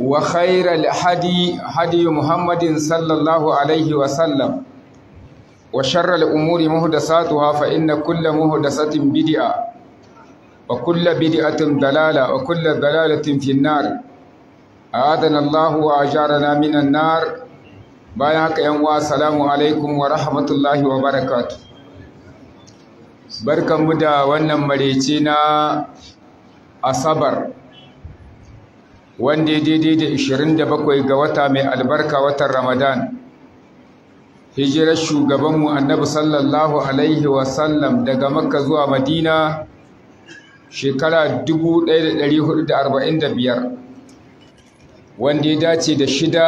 وخير الهدي هدي محمد صلى الله عليه وسلم وشر الأمور مهدساتها فإن كل مهدسة بدعة وكل بدعة دلالة وكل دلالة في النار أعاذنا الله وأجارنا من النار بايعك ينوى السلام عليكم ورحمة الله وبركاته بركة مدى ونمريتنا أصبر wanda ya daidai da 27 ga wata mai albarka watan Ramadan hijirar shugabanmu annabi sallallahu alaihi wasallam daga makka zuwa madina shekara 1445 wanda ya dace da shida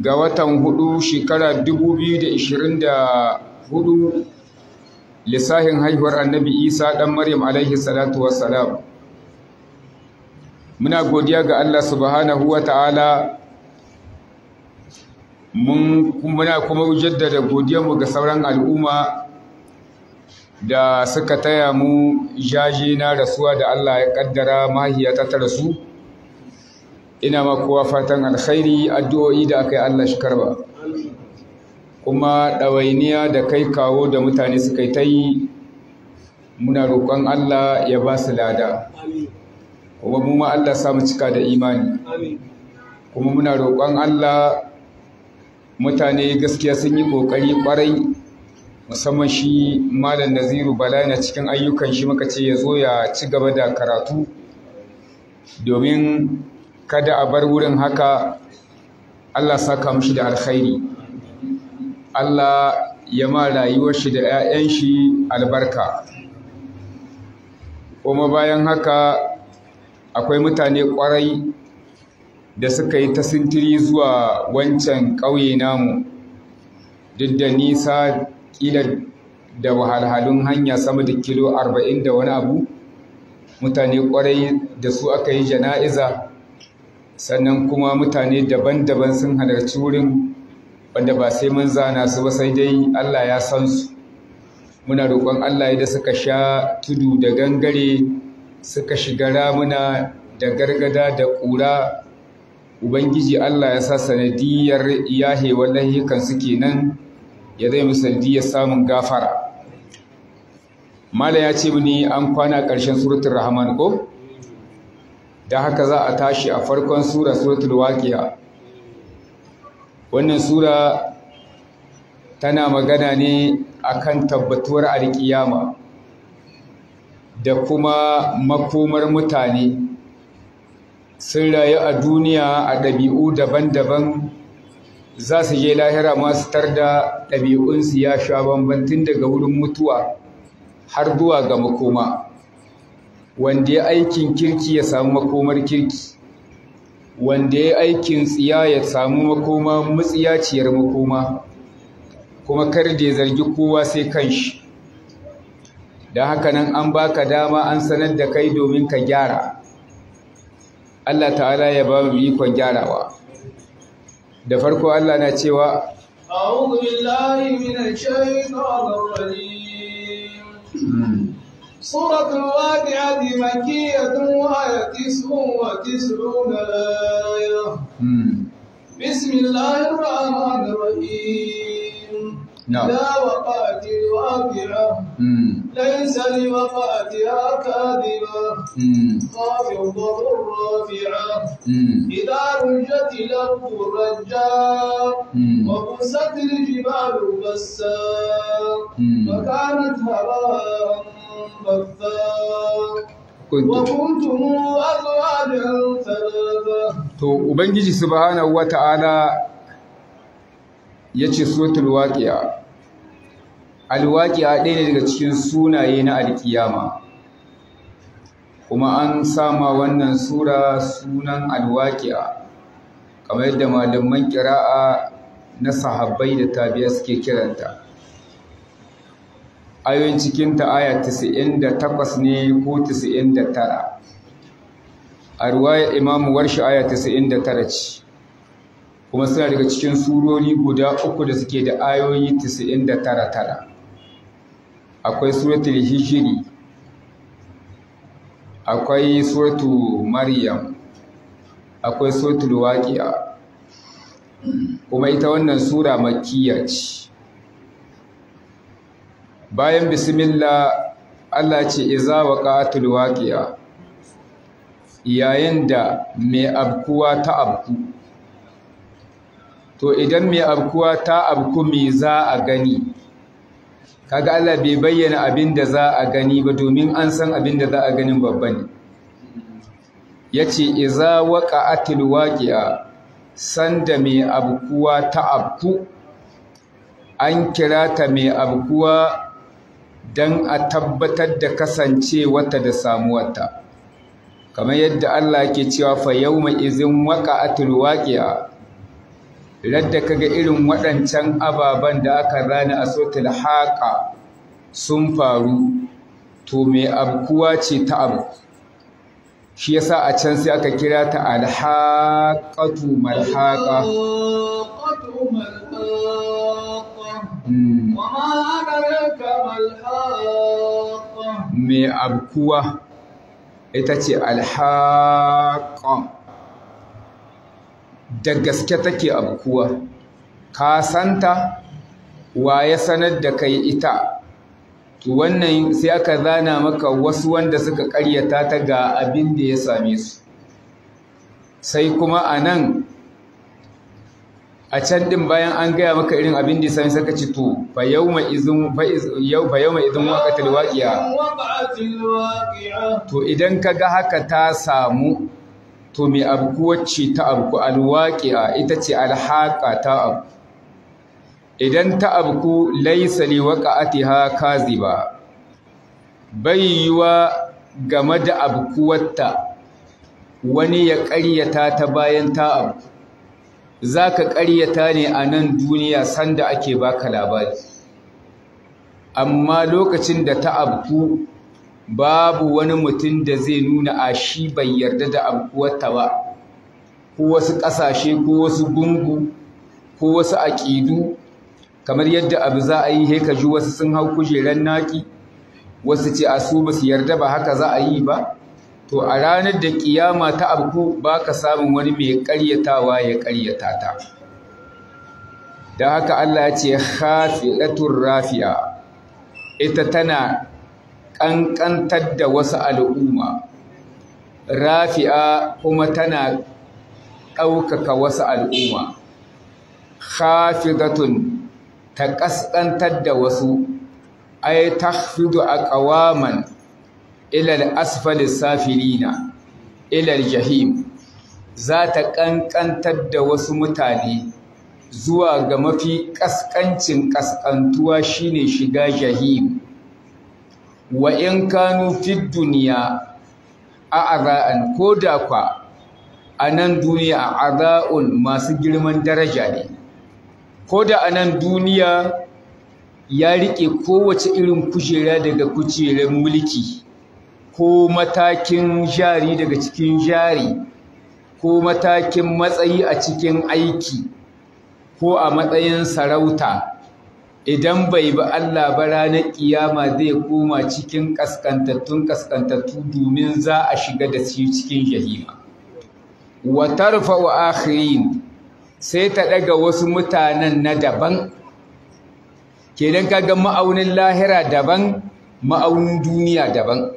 ga watan hudu shekara 2024 lissahin haihuwar annabi isa ɗan maryam alaihi salatu salam. muna godiya ga Allah subhanahu wa ta'ala muna kuma jaddada godiyarmu ga sauran al'umma da suka taya mu jaje na rasuwa da Allah ya kaddara mahiyata ta rasu ina ma kowa fatan alkhairi addu'o'i da aka yi Allah shi karba kuma ɗawainiya da kai kawo da mutane suka yi ta yi muna roƙon Allah ya ba su lada. Amin. kuma mu ma Allah samu cika da imani kuma muna roƙon Allah mutane gaskiya sun yi ƙoƙari ƙwarai musamman shi malam naziru bala na cikin ayyukan shi muka ce ya zo ya ci gaba da karatu domin kada a bar wurin haka allah saka shi da alkhairi allah ya ma rayuwar shi da 'ya'yan shi albarka kuma bayan haka akwai mutane kwarai da suka yi ta sintiri zuwa wancan ƙauye namu duk da nisa ƙila da wahalhalun hanya sama da kilo arba'in da wani abu mutane ƙwarai da su aka yi jana'iza sannan kuma mutane daban-daban sun halarci wurin wanda ba sai mun zana su ba sai dai Allah ya san su muna roƙon Allah da suka sha tudu da gangare suka shiga ramuna da gargada da ƙura ubangiji Allah ya sa sanadiyar yahewa wallahi kan suke nan ya zai musu ya samun gafara mala ya ce mini an kwana ƙarshen suratul rahman ko da haka za a tashi a farkon sura suratul waqi'a wannan sura tana magana ne akan tabbatuwar alƙiyama da kuma makomar mutane sun rayu a duniya a ɗabi'u daban-daban za su je lahira masu tar da ɗabi'unsu ya sha bambantin daga wurin mutuwa har zuwa ga makoma wanda ya aikin kirki ya samu makomar kirki wanda ya aikin tsiya ya samu makoma mutsiyaciyar makoma kuma kar da ya zargi kowa sai kanshi don haka nan an baka dama an sanar da kai domin ka gyara Allah ta'ala ya ba mu ikon gyarawa da farko Allah na cewa سورة الواقعة مكية وهي تسع وتسعون آية بسم الله الرحمن الرحيم نعم لا وقعت واقعة ليس لوقعتها كاذبة خافضة رافعة إذا رجت الأرض رجا وبست الجبال بسا فكانت هباء بثا وكنتم أزواجا ثلاثة. تو وبنجي سبحانه وتعالى ya ce suratul waƙiya alwaƙiya ɗaya ne daga cikin sunaye na alƙiyama kuma an sama wannan sura sunan alwaƙiya kamar yadda malaman ƙira'a na sahabbai da tabiya suke kiranta ayoyin cikinta aya 98 ne ko 99 a ruwayar imamu warshi aya 99 ce kuma suna daga cikin surori guda uku da suke da ayoyi 99 akwai suratul hijri akwai suratul maryam akwai suratul waqi'a kuma ita wannan sura makkiya ce bayan bismillah Allah ce iza waqatul waqi'a yayin da mai abkuwa ta abku to idan mai abkuwa ta abku me za a gani kaga Allah bai bayyana abin da za a gani ba domin an san abin da za a ganin babba ne yace iza waqa'atil waqi'a sanda mai abkuwa ta abku an kira ta mai abkuwa don a tabbatar da kasancewarta da samuwarta kamar yadda Allah ke cewa fa yawma izin waqa'atil waqi'a radda kaga irin waɗancan ababen da aka rana a sotil haƙa sun faru to mai abkuwa ce ta abu shi yasa a can sai aka kira ta alhaƙatu malhaƙa mai abkuwa ita ce alhaƙa da gaske take abkuwa ka santa wa ya sanar da kai ita to wannan sai aka zana maka wasu wanda suka karyata ta ga abin da ya same su sai kuma a nan a can din bayan an gaya maka irin abin da ya same saka ci to fa yauma izin fa yauma izin waqatil waqi'a to idan kaga haka ta samu to mai abku ta abku alwaƙi'a ita ce alhaƙa ta abku idan ta abku laisa li waqa'atiha kaziba bai yiwa game da abkuwarta wani ya ƙaryata ta bayan ta abku za ka ƙaryata ne a nan duniya sanda ake baka labari amma lokacin da ta abku babu wani mutum da zai nuna a shi bai yarda da abuwarta ba ko wasu ƙasashe ko wasu gungu ko wasu aƙidu kamar yadda abu za a yi ka ji wasu sun hau kujerar naƙi wasu ce a su basu yarda ba haka za a yi ba to a ranar da ƙiyama ta abu ba ka samun wani mai ƙaryatawa ya ƙaryata ta da haka Allah ya ce khafi'atur rafi'a ita tana ƙanƙantar da wasu al'umma rafi'a kuma tana ɗaukaka wasu al'umma khafidatun ta ƙasƙantar da wasu ai tahfidu a ƙawaman ilal asfali safirina ilal jahim za ta ƙanƙantar da wasu mutane zuwa ga mafi ƙasƙancin ƙasƙantuwa shine shiga jahim wa in kanu fid duniya a aza'an ko da kwa a nan duniya a aza'un masu girman daraja ne ko da a duniya ya riƙe kowace irin kujera daga kujerar mulki ko matakin jari daga cikin jari ko matakin matsayi a cikin aiki ko a matsayin sarauta idan bai bi Allah ba ranar kiyama zai koma cikin kaskantattun kaskantattu domin za a shiga da su cikin jahima wa tarfa wa akhirin sai ta daga wasu mutanen na daban kenan kaga ma'aunin lahira daban ma'aunin duniya daban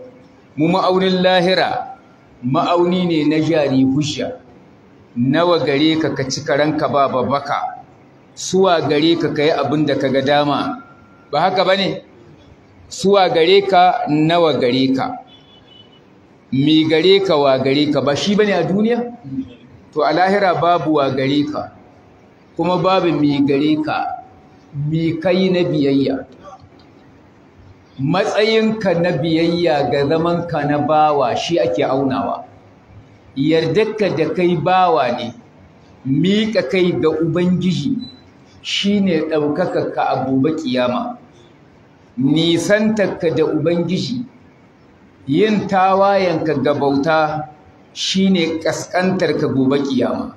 mu ma'aunin lahira ma'auni ne na jari hujja nawa gare ka ka ci karanka ba babbaka suwa gare ka kai abin da ka ga dama ba haka ba ne suwa gare ka nawa gare ka mi gare ka wa gare ka ba shi ba ne a duniya to a lahira babu wa gare ka kuma babu mi gare ka mi kai na biyayya matsayinka na biyayya ga zamanka na bawa shi ake aunawa yardarka da kai bawa ne miƙa kai ga ubangiji Shi shine ɗaukakarka a gobe Nisan nisantarka da ubangiji yin tawayenka ga bauta shi shine ƙasƙantarka gobe ƙiyama.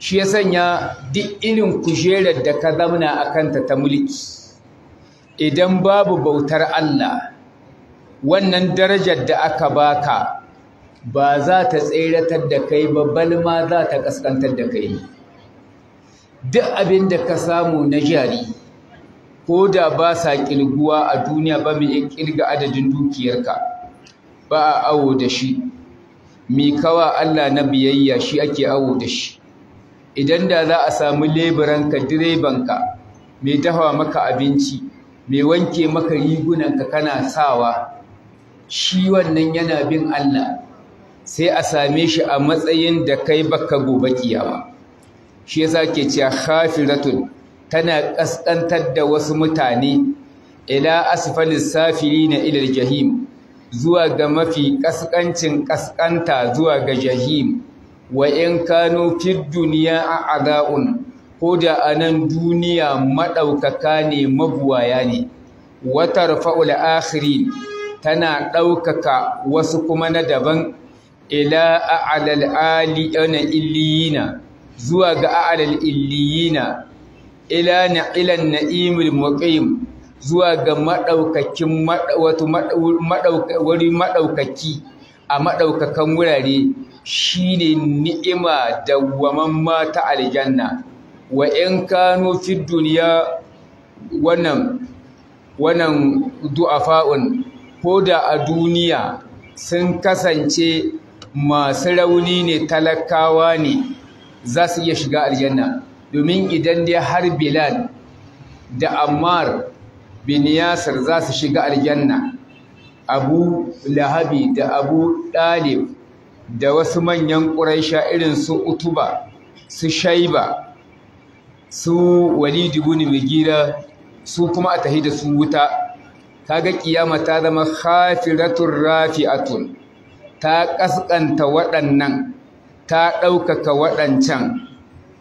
shi ya sanya duk irin kujerar da ka zamna a kanta ta mulki idan babu bautar Allah wannan darajar da aka baka ba za ta tseratar da kai ba balma za ta ƙasƙantar da kai ne duk abin da ka samu na jari ko da ba sa ƙirguwa a duniya ba mai ƙirga adadin dukiyarka ba a awo da shi mai kawa Allah na biyayya shi ake awo da shi idan da za a samu leburanka direbanka mai dafa maka abinci mai wanke maka rigunanka kana sawa shi wannan yana bin Allah sai a same shi a matsayin da kai baka gobe kiyama shi yasa ke cewa khafiratun tana kaskantar da wasu mutane ila asfalis safirina ila jahim zuwa ga mafi kaskancin kaskanta zuwa ga jahim wa in kanu fid dunya a'adaun ko da anan duniya madaukaka ne mabuwaya ne Wata tarfa'ul akhirin tana ɗaukaka wasu kuma na daban ila a'alal aliyana illiyina zuwa ga a'lal illiyina ila na ilan na'imul muqim zuwa ga madaukakin wato wuri madaukaki a madaukakan wurare shine ni'ima da waman mata aljanna wa in kanu fi duniya wannan wannan du'afa'un ko da a duniya sun kasance masu rauni ne talakawa ne za su iya shiga aljanna domin idan dai har bilal da ammar bin yasir za su shiga aljanna abu lahabi da abu ɗalib da wasu manyan ƙuraisha irin su utuba su shaiba su walidu bin mugira su kuma a tahi da su wuta ta ga kiyama ta zama a rafi'atun ta ƙasƙanta waɗannan ta ɗaukaka waɗancan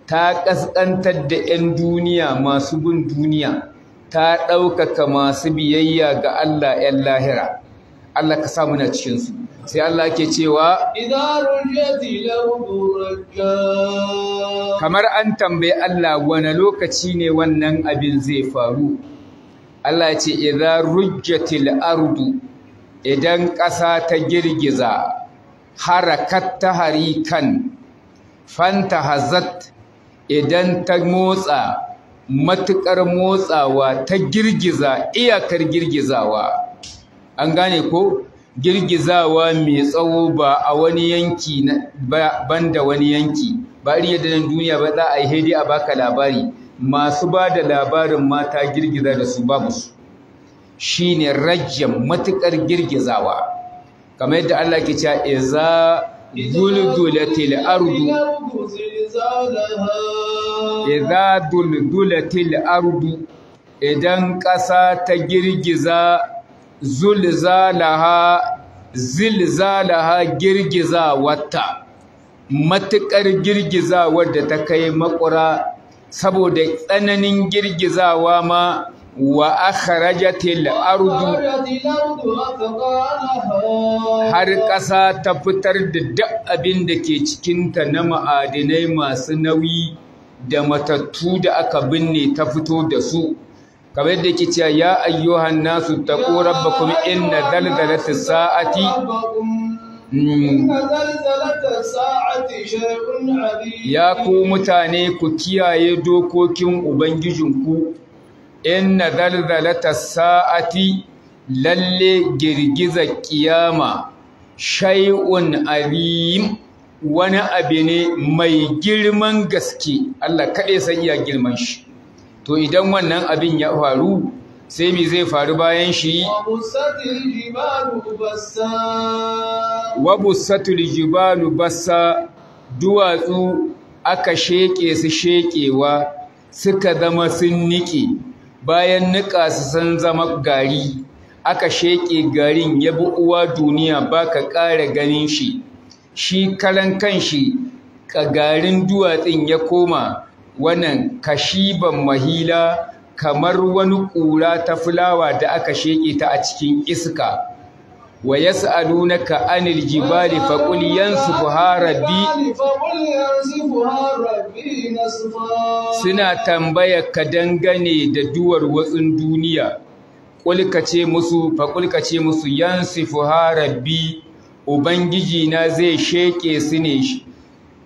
ta ƙasƙantar da 'yan duniya masu bin duniya ta ɗaukaka masu biyayya ga Allah 'yan lahira Allah ka samu na cikinsu sai Allah ke cewa kamar an tambayi Allah wane lokaci ne wannan abin zai faru Allah ce idan rujjatil ardu idan ƙasa ta girgiza harakat harikan fanta hazat idan ta motsa matuƙar motsawa ta girgiza iyakar girgizawa an gane ko girgizawa mai tsawo ba a wani yanki banda wani yanki ba iya yadda nan duniya ba za a yi haidi a baka labari masu ba da labarin mata girgiza da su babu su shine rajjan matuƙar girgizawa kamar yadda Allah ke cewa iza duldulatil ardu iza duldulatil ardu idan ƙasa ta girgiza zulzalaha zilzalaha girgiza wata matuƙar girgiza wadda ta kai makura saboda tsananin girgizawa ma wa akhrajatil ardu har ƙasa ta fitar da duk abin da ke cikinta na ma'adinai masu nauyi da matattu da aka binne ta fito da su kamar yadda ke cewa ya ayyuhan nasu taqu inna zalzalatis sa'ati hmm. ya ku mutane ku kiyaye dokokin ubangijinku inna zalzalata sa'ati lalle girgizar kiyama shay'un azim wani abu ne mai girman gaske Allah kaɗai san iya girman shi to idan wannan abin ya faru sai me zai faru bayan shi wabusatul jibalu bassa duwatsu aka sheke su shekewa suka zama sun niƙe bayan niƙa su san zama gari aka sheƙe garin ya bi uwa duniya ba ka ƙara ganin shi shi kalan kan shi ka garin duwatsin ya koma wannan kashiban mahila kamar wani ƙura ta fulawa da aka sheƙe ta a cikin iska wa yas'alunaka anil jibali faqul yansifuha rabbi suna tambaya ka dangane da duwar watsin duniya qul ce musu faqul ce musu yansifuha rabbi ubangiji na zai sheke su ne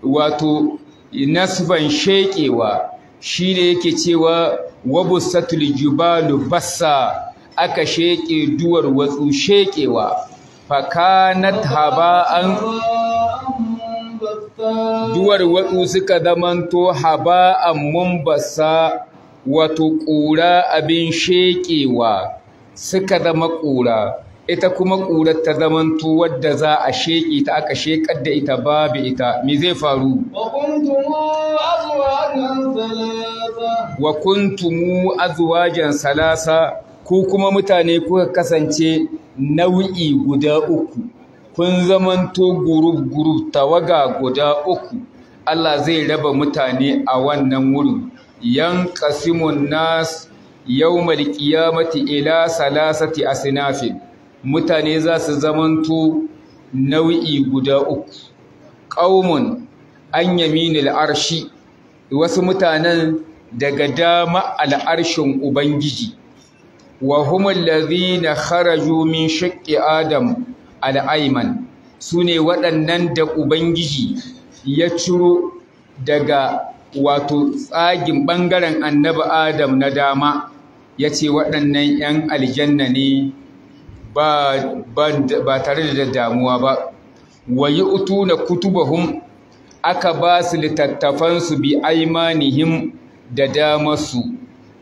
wato nasban shekewa shine yake cewa wabusatul jibalu bassa aka sheƙe duwar watsu sheƙewa fakanat haba'an duwar watsu suka zamanto haba'an mumbasa wato ƙura abin sheƙewa suka zama ƙura ita kuma ƙurar ta zamanto wadda za a sheƙe ta aka sheƙar da ita babu ita me zai faru wa kuntumu azwajan salasa ku kuma mutane kuka kasance nau'i guda uku kun zamanto gurub-gurub tawaga guda uku Allah zai raba mutane a wannan wurin yan kasimun nas yawmal qiyamati ila salasati asinafin mutane za su zamanto nau'i guda uku ƙaumun an yaminil arshi wasu mutanen daga dama al'arshin ubangiji wa humul ladhina kharaju min shaqqi adam al-ayman sune waɗannan da ubangiji ya ciro daga wato tsagin ɓangaren annabi adam na dama ya ce waɗannan 'yan aljanna ne ba tare da damuwa ba wayi utu na kutubahum aka ba su littattafansu bi aimanihim da damasu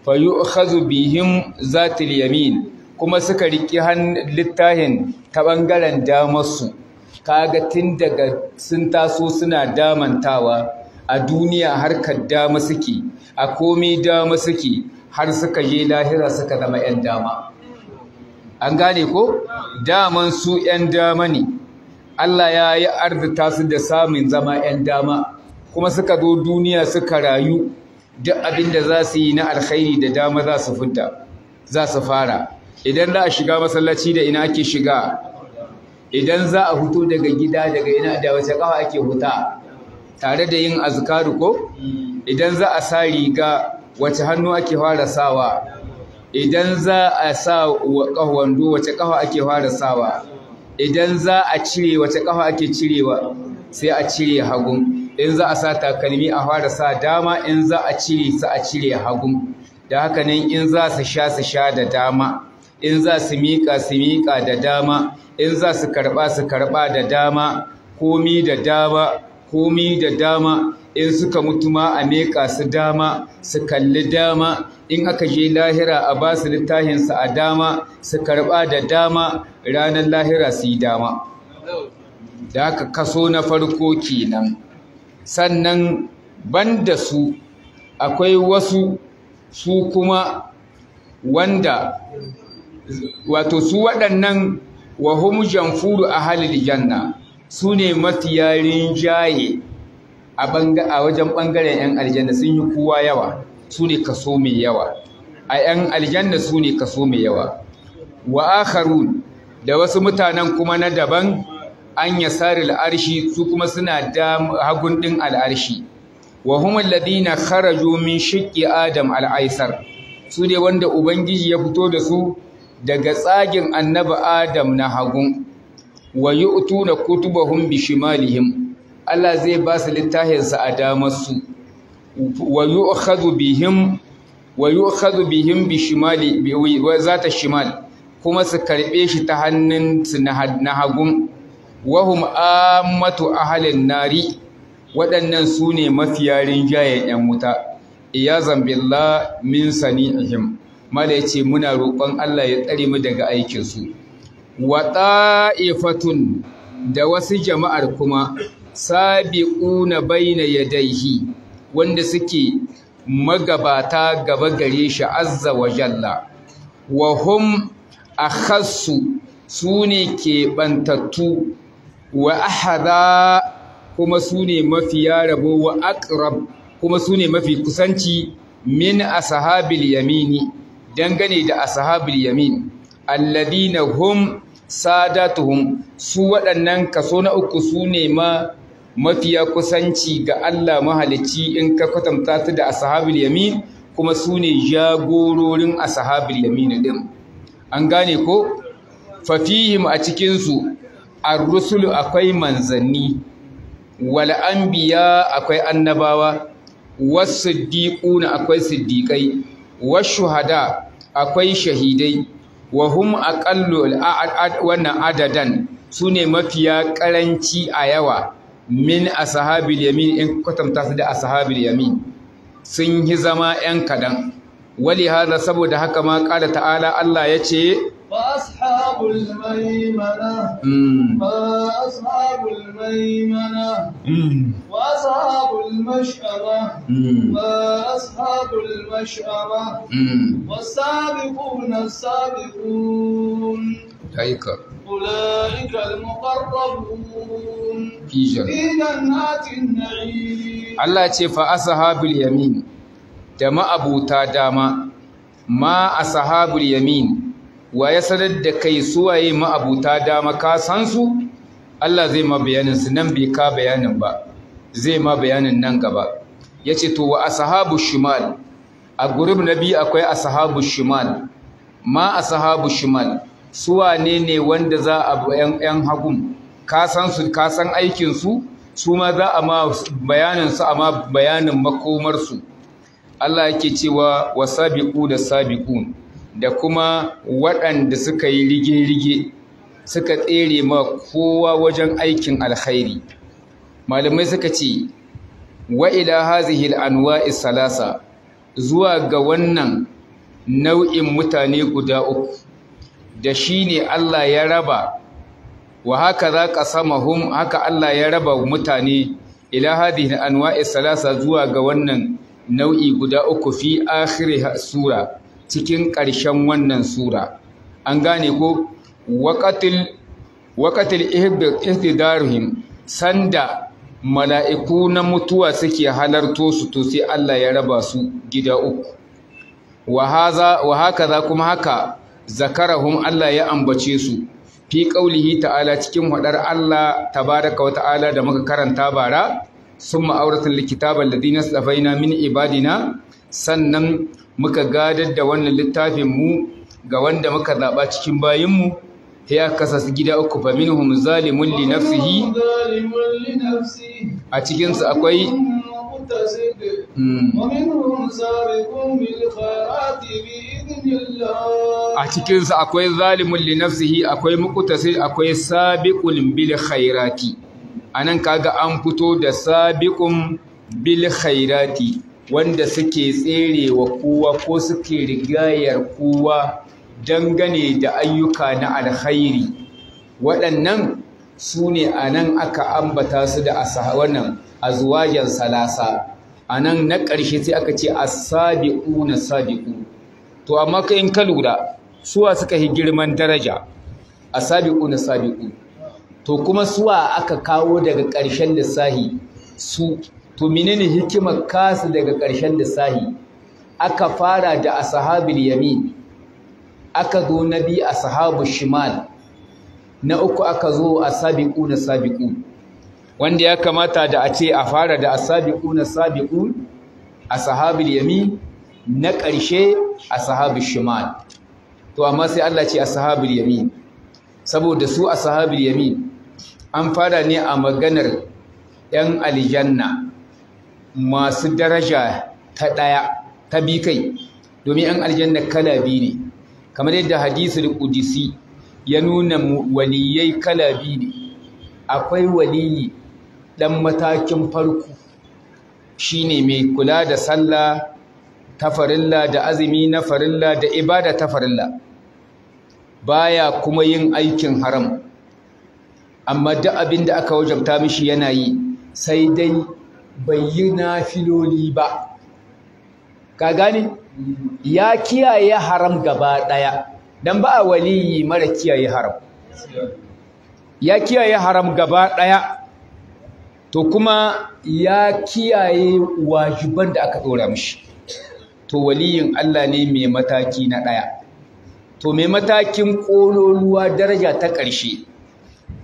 fayu'khadhu bihim zatil yamin kuma suka riki littahin ta bangaren damarsu kaga tun daga sun taso suna damantawa a duniya harkar dama suke a komai dama suke har suka je lahira suka zama 'yan dama an gane ko daman su 'yan dama ne Allah ya yi arzita su da samun zama 'yan dama kuma suka zo duniya suka rayu duk abin da za su yi na alkhairi da dama za su fita za su fara idan za a shiga masallaci da ina ake shiga idan za a huto daga gida daga ina da wace kawa ake huta tare da yin azkaru ko idan za a sa riga wace hannu ake fara sawa idan za a sa ƙahwando wace ƙafa ake fara sawa idan za a cire wace ƙafa ake cirewa sai a cire hagun in za a sa takalmi a fara sa dama in za a cire su a cire hagu da haka nan in za su sha su sha da dama in za su miƙa su miƙa da dama in za su karɓa su karɓa da dama komi da dama komi da dama in suka mutu ma a meƙa su dama su kalli dama in aka je lahira a ba su littahinsu a dama su karɓa da dama ranar lahira su yi dama da haka kaso na farko kenan sannan banda su akwai wasu su kuma wanda wato su waɗannan wa hum janfuru halin janna su ne mafiya jaye a wajen ɓangaren 'yan aljanna sun yi kowa yawa su ne kaso mai yawa a 'yan aljanna su ne kaso mai yawa wa akharun da wasu mutanen kuma na daban an yasari al'arshi su kuma suna hagun ɗin al'arshi wa humul ladina kharaju min shiƙi adam al'aisar su ne wanda ubangiji ya fito da su daga tsagin annabi adam na hagun wa yu'tuna kutubahum bi Allah zai ba su littahinsa a damar su wa yu'khadhu bihim wa yu'khadhu bihim bi wa zata shimal kuma su karɓe shi ta hannun su na hagun wahum ammatu ahalin nari waɗannan su ne mafiya rinjayen 'yan wuta iyazan billah min sani'ihim mala ya ce muna roƙon Allah ya tsare mu daga aikinsu wa da wasu jama'ar kuma sabiquna baina yadaihi wanda suke magabata gaba gare shi azza wa jalla wahum hum akhassu su ne keɓantattu wa ahadha kuma su ne mafi rabo wa aqrab kuma su ne mafi kusanci min ashabil yamini dangane da ashabil yamin alladina hum sadatuhum su waɗannan kaso na uku su ne ma mafiya kusanci ga Allah mahalicci in ka kwatanta su da ashabil yamin kuma su ne jagororin ashabil yamin din an gane ko fafihim a cikinsu ar-rusulu akwai manzanni wal anbiya akwai annabawa was siddiquna akwai siddiqai was shuhada akwai shahidai wa hum aqallu wannan adadan sune mafiya karanci a yawa min ashabil yamin in kwatanta su da ashabil yamin sun yi zama 'yan kadan wali hada saboda haka ma ƙala ta'ala Allah ya ce أصحاب الميمنة ما أصحاب الميمنة وأصحاب المشأمة ما أصحاب المشأمة والسابقون السابقون أولئك أولئك المقربون في جنات النعيم الله يقول فأصحاب اليمين da ma'abuta dama ma ashabul yamin wa ya sanar da kai suwaye ma'abuta dama ka san su Allah zai ma bayanin su nan bai ka bayanin ba zai ma bayanin nan gaba yace to wa ashabu shimal a gurub nabi akwai ashabu shimal ma ashabu shimal suwane ne wanda za a yan yan hagun ka san su ka san aikin su su ma za a ma bayanin su amma bayanin makomar su Allah yake cewa wasabiqu da sabiqun da kuma waɗanda suka yi rige-rige suka tsere ma kowa wajen aikin alkhairi malamai suka ce wa ila hazihil salasa zuwa ga wannan nau'in mutane guda uku da shi ne Allah ya raba wa haka za ka sama hum haka Allah ya raba mutane ila hadhihi anwa'i salasa zuwa ga wannan nau'i guda uku fi akhiri sura cikin ƙarshen wannan sura an gane ko waƙatil ihtidarihim sanda mala'iku na mutuwa suke halarto su to sai Allah ya raba su gida uku wa haka za kuma haka zakarahum Allah ya ambace su fi ƙaulihi ta'ala cikin haɗar Allah tabaraka wa ta'ala da muka karanta bara sun ma'auratan likitabar da dinas na min ibadina sannan muka gadar da wannan littafin mu ga wanda muka zaɓa cikin bayinmu ya kasas gida uku ba, min zalimun li nafsihi a su akwai hmm, a su akwai zalimun li nafsihi akwai muqtasid akwai sabiqul bil khairati anan kaga an fito da sabiqum bil khairati wanda suke tserewa kowa ko suke rigayar kowa dangane da ayyuka na alkhairi waɗannan su ne a nan aka ambata su da wannan azuwajen salasa a nan na ƙarshe sai aka ce a sabi'u na sabi'u to amma ka in ka lura suwa suka yi girman daraja a sabi'u na sabi'u to kuma suwa aka kawo daga ƙarshen lissahi su to menene hikimar kasu daga ƙarshen da sahi aka fara da ashabul yamin aka zo na bi ashabu shimal na uku aka zo asabiqu na sabiqu wanda ya kamata da a ce a fara da asabiqu na sabiqu ashabil yamin na ƙarshe ashabu shimal to amma sai Allah ce ashabul yamin saboda su ashabul yamin an fara ne a maganar ɗan aljanna masu daraja ta ɗaya ta bi kai domin an aljanna kala biyu ne kamar yadda hadisul ƙudisi ya nuna waliyai kala biyu ne akwai waliyi ɗan matakin farko shine mai kula da sallah ta farilla da azumi na farilla da ibada ta farilla baya kuma yin aikin haram amma duk abin da aka wajabta mishi yana yi sai dai bai yi nafiloli ba ka gani ya kiyaye haram gaba ɗaya don ba a waliyi mara kiyaye haram ya kiyaye haram gaba ɗaya to kuma ya kiyaye wajiban da aka ɗora mishi to waliyin Allah ne mai mataki na ɗaya to mai matakin ƙololuwa daraja ta ƙarshe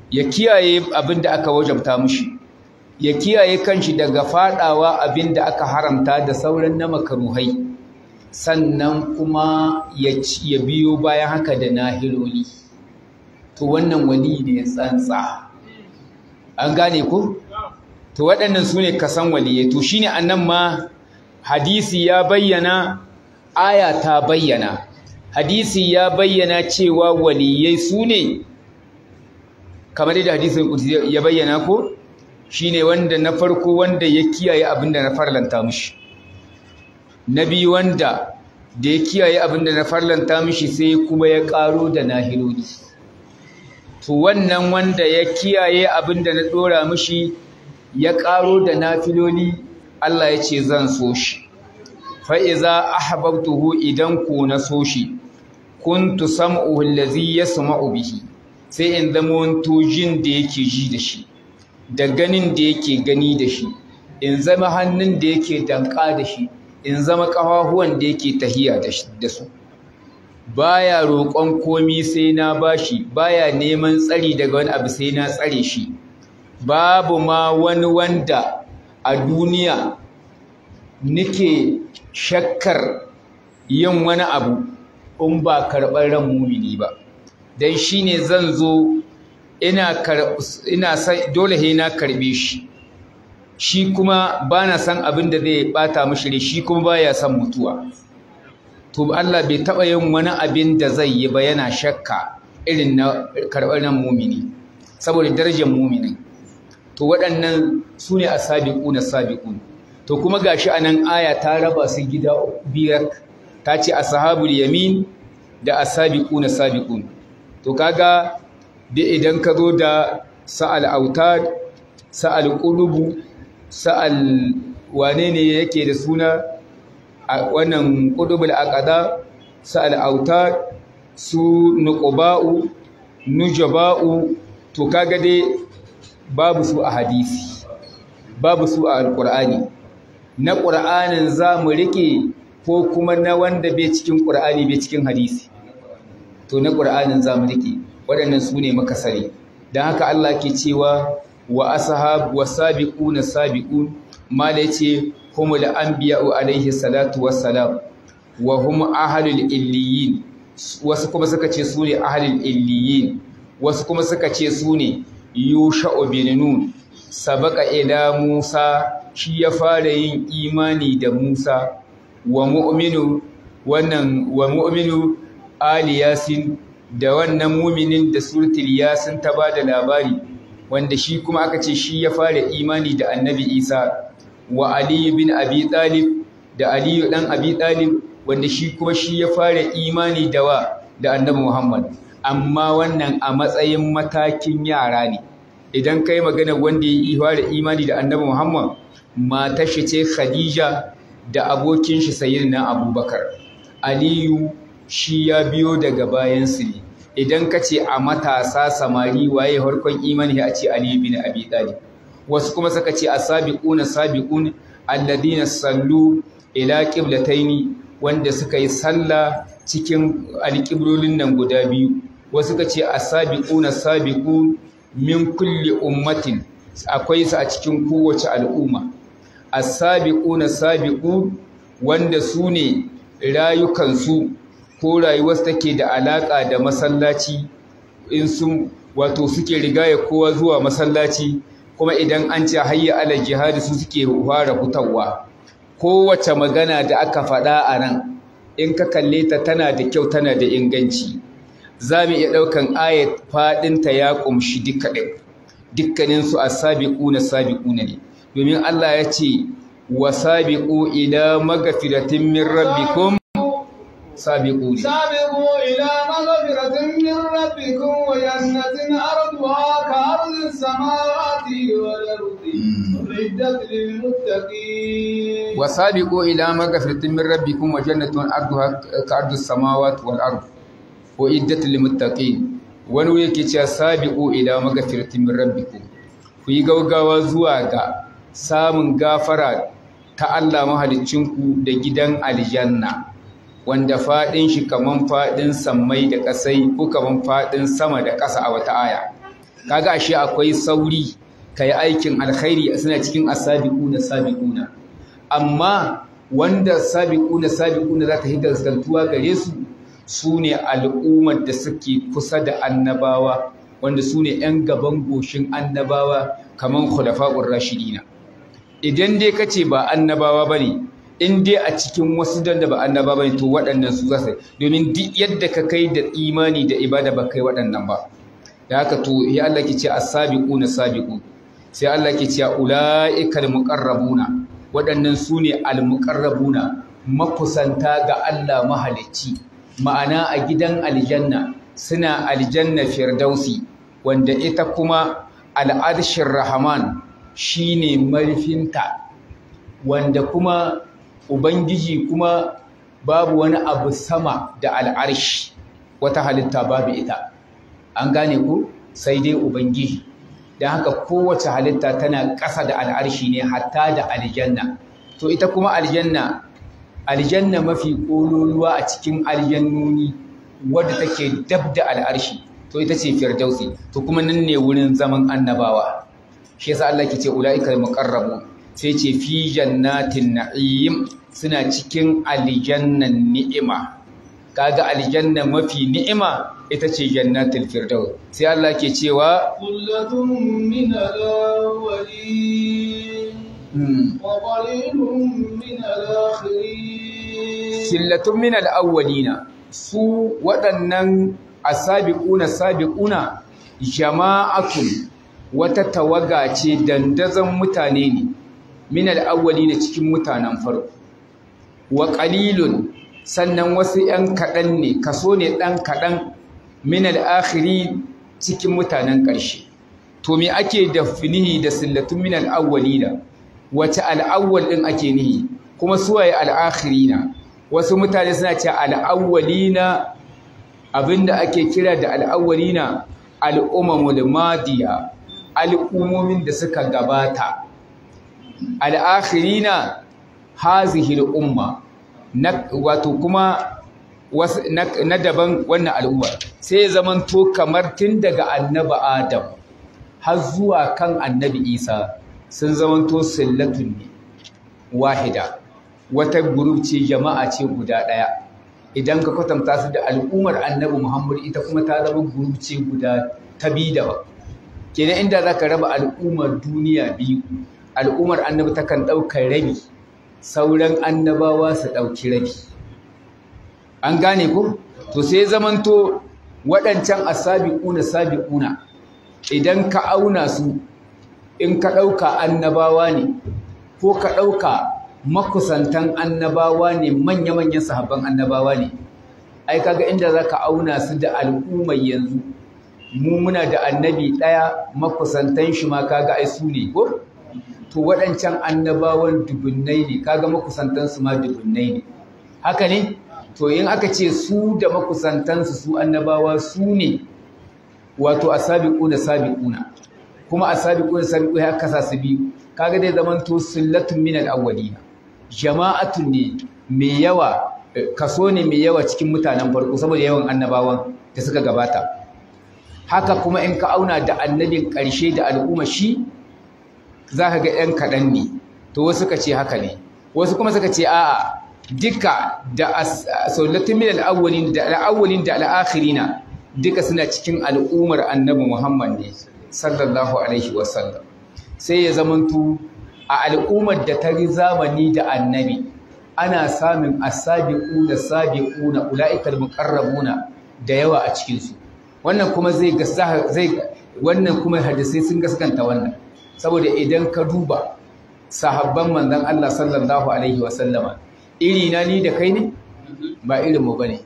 ya kiyaye abin da aka wajabta mishi ya kiyaye kanshi daga fadawa abinda aka haramta da sauran na makaruhai sannan kuma ya biyo bayan haka da nahiloli to wannan wani ne ya tsantsa an gane ku? to waɗannan su ne kasan waliye to shine annan ma hadisi ya bayyana aya ta bayyana hadisi ya bayyana cewa waliyai su ne kamar yadda hadisi ya bayyana ko Shi ne wanda na farko wanda ya kiyaye abin da na farlanta mishi na biyu wanda da ya kiyaye abin da na farlanta mishi sai kuma ya ƙaro da na nahiloli to wannan wanda ya kiyaye abin da na ɗora mishi ya ƙaro da na filoli, Allah ya ce zan so shi fa'iza ahbabtuhu idan ku na so shi kuntu sam'uhu allazi yasma'u bihi sai in zama jin da yake ji da shi da ganin da yake gani da shi in zama hannun da yake danka da shi in zama ƙafafuwan da yake tahiya da su baya roƙon komi sai na bashi baya neman tsari daga wani abu sai na tsare shi babu ma wani wanda a duniya nake shakkar yin wani abu in ba karɓar ran mumini ba don shi ne zan zo ina ina dole he na karbe shi shi kuma ba na san abin da zai bata mishi shi kuma baya son mutuwa to Allah bai taɓa yin wani abin da zai yi ba yana shakka irin na karɓar nan mumini saboda darajar mumini to waɗannan su ne a sabiƙu na sabiƙu to kuma gashi a nan aya ta raba su gida biyar ta ce ashabul yamin da asabiqu na sabiqun to kaga duk idan ka zo da sa'al auta, sa'al ƙulubu sa'al wane ne yake da suna a wannan a aqada sa'al auta su nuƙuba’u nujaba'u to kaga dai babu su a hadisi babu su a Alƙur'ani. na ƙur'anin za mu rike ko kuma na wanda bai cikin ƙur'ani bai cikin hadisi to na ƙur'anin za mu rike waɗannan su ne makasari. don haka Allah ke cewa wa ashabu ce kuma da an biya wa alaihi salatu salam wa kuma ahlul illiyin wasu kuma suka ce su ne ahlul illiyin wasu kuma suka ce su ne yusha'u bin nun sabaka ila musa shi ya fara yin imani da Musa wa mu'minu wannan wa mu'minu Ali Yasin da wannan muminin da suratul yasin ta ba da labari wanda shi kuma aka ce shi ya fara imani da annabi isa wa aliyu bin abi talib da aliyu dan abi talib wanda shi kuma shi ya fara imani da wa da annabi muhammad amma wannan a matsayin matakin yara ne idan kai magana wanda ya fara imani da annabi muhammad matar shi ce khadija da abokin shi sayyidina abubakar aliyu shi ya biyo daga bayansu ne idan ka ce a matasa samari waye harkon imani a ce Ali bin Abi Talib wasu kuma suka ce as sabiqun alladina sallu ila qiblataini wanda suka yi sallah cikin alqiblolin nan guda biyu wasu suka ce as sabiqun min kulli ummatin akwai su a cikin kowace al'umma as na sabiqun wanda su ne rayukansu ko rayuwarsu take da alaƙa da masallaci in sun wato suke rigaya kowa zuwa masallaci kuma idan an ce hayya ala jihadi su suke fara fitawa kowace magana da aka faɗa a nan in ka kalle ta tana da kyau tana da inganci za mu iya ɗaukan ayat faɗinta ya ƙumshi duka ɗin dukkaninsu a sabiƙuna sabiƙuna ne domin Allah ya ce wa sabiƙu ila magafiratin min rabbikum سابقوا سابقوا إلى مغفرة من ربكم وجنة أرضها كأرض السماوات والأرض أعدت للمتقين وسابقوا إلى مغفرة من ربكم وجنة أرضها كأرض السماوات والأرض وإدت للمتقين ونويك wuya ke cewa sabi'u ila magafirtin min rabbikum ku yi gaugawa zuwa ga samun gafara ta Allah wanda faɗin shi kaman faɗin sammai da ƙasai ko kaman faɗin sama da ƙasa a wata aya kaga ashe akwai sauri ka yi aikin alkhairi a suna cikin asabiquna sabiquna amma wanda sabiquna sabiquna za ta yi gaskantuwa gare su su ne al'ummar da suke kusa da annabawa wanda su ne 'yan gaban goshin annabawa kaman khulafa'ur rashidina idan dai kace ba annabawa bane in dai a cikin wasu don da ba annaba bane to waɗannan su zasu domin duk yadda ka kai da imani da ibada ba kai waɗannan ba da haka to ya Allah ke ce as na sabiqun sai Allah ke ce ulaiikal muqarrabuna waɗannan su ne al-muqarrabuna makusanta ga Allah mahalicci ma'ana a gidan aljanna suna aljanna firdausi wanda ita kuma al'arshin rahman shine marfinta wanda kuma ubangiji kuma babu wani abu sama da al'arshi wata halitta babu ita an gane ku sai dai ubangiji don haka kowace halitta tana ƙasa da al'arshi ne hatta da aljanna to ita kuma aljanna aljanna mafi ƙololuwa a cikin aljannoni wadda take dab da al'arshi to ita ce firdausi to kuma nan ne wurin zaman annabawa shi yasa Allah ke ce ula'ikal muqarrabun sai ce fi jannatin na'im suna cikin aljannan ni'ima kaga aljanna mafi ni'ima ita ce jannatul firdaus sai Allah ke cewa kullatun min alawwalin hmm. wa qalilun min alakhirin sillatun min alawwalina su waɗannan asabiquna sabiquna jama'atun wata tawaga ce dandazon mutane ne min al'awwali na cikin mutanen farko wa sannan wasu ‘yan kaɗan ne kaso ne ɗan kaɗan min al'akhiri cikin mutanen ƙarshe to me ake da finihi da sillatun min al'awwali na wace al'awwal ɗin ake nihi kuma suwaye al'akhiri na wasu mutane suna ce al'awwali na abinda ake kira da al'awwali na al'ummamul madiya al'ummomin da suka gabata al'akhirina hazihir umma wato kuma na daban wannan al’uwa sai ya zamanto kamar tun daga annabi adam har zuwa kan annabi isa sun zamanto sillatun ne wahida wata gurub jama'a ce guda ɗaya idan ka kwatanta su da al'ummar annabi muhammad ita kuma ta zama gurub guda ta biyu daban kenan inda za ka raba al'ummar duniya biyu al'ummar annabi takan ɗaukar rabi sauran annabawa su ɗauki rabi an gane ko to sai zamanto waɗancan asabiquna sabiquna idan ka auna su in ka ɗauka annabawa ne ko ka ɗauka makusantan annabawa ne manya-manyan sahabban annabawa ne ai kaga inda za ka auna su da al'ummar yanzu mu muna da annabi ɗaya makusantan shi ma kaga ai su ne ko to waɗancan annabawan dubunnai ne kaga makusantansu ma dubunnai ne haka ne to yin aka ce su da makusantansu su annabawa su ne wato a sabiƙu da na kuma a sabiƙu da sabiƙu ya kasa su biyu kaga dai zaman to sullatun minal awwalina jama'atun ne mai yawa eh, kaso ne mai yawa cikin mutanen farko saboda yawan annabawan da suka gabata haka kuma in ka auna da annabin ƙarshe da al'umma shi za ka ga 'yan kaɗan ne to wasu ka ce haka ne wasu kuma suka ce a'a duka da saulatin min al'awwalin da al'awwalin da al'akhirina duka suna cikin al'ummar annabi Muhammad ne sallallahu alaihi wasallam sai ya zamantu a al'ummar da ta yi zamani da annabi ana samun da asabiquna na ulaikal muƙarrabuna da yawa a cikinsu. wannan kuma zai zai wannan kuma hadisai sun gaskanta wannan saboda idan ka duba sahabban manzon Allah sallallahu alaihi wasallama iri na ni da kai ne ba irin mu bane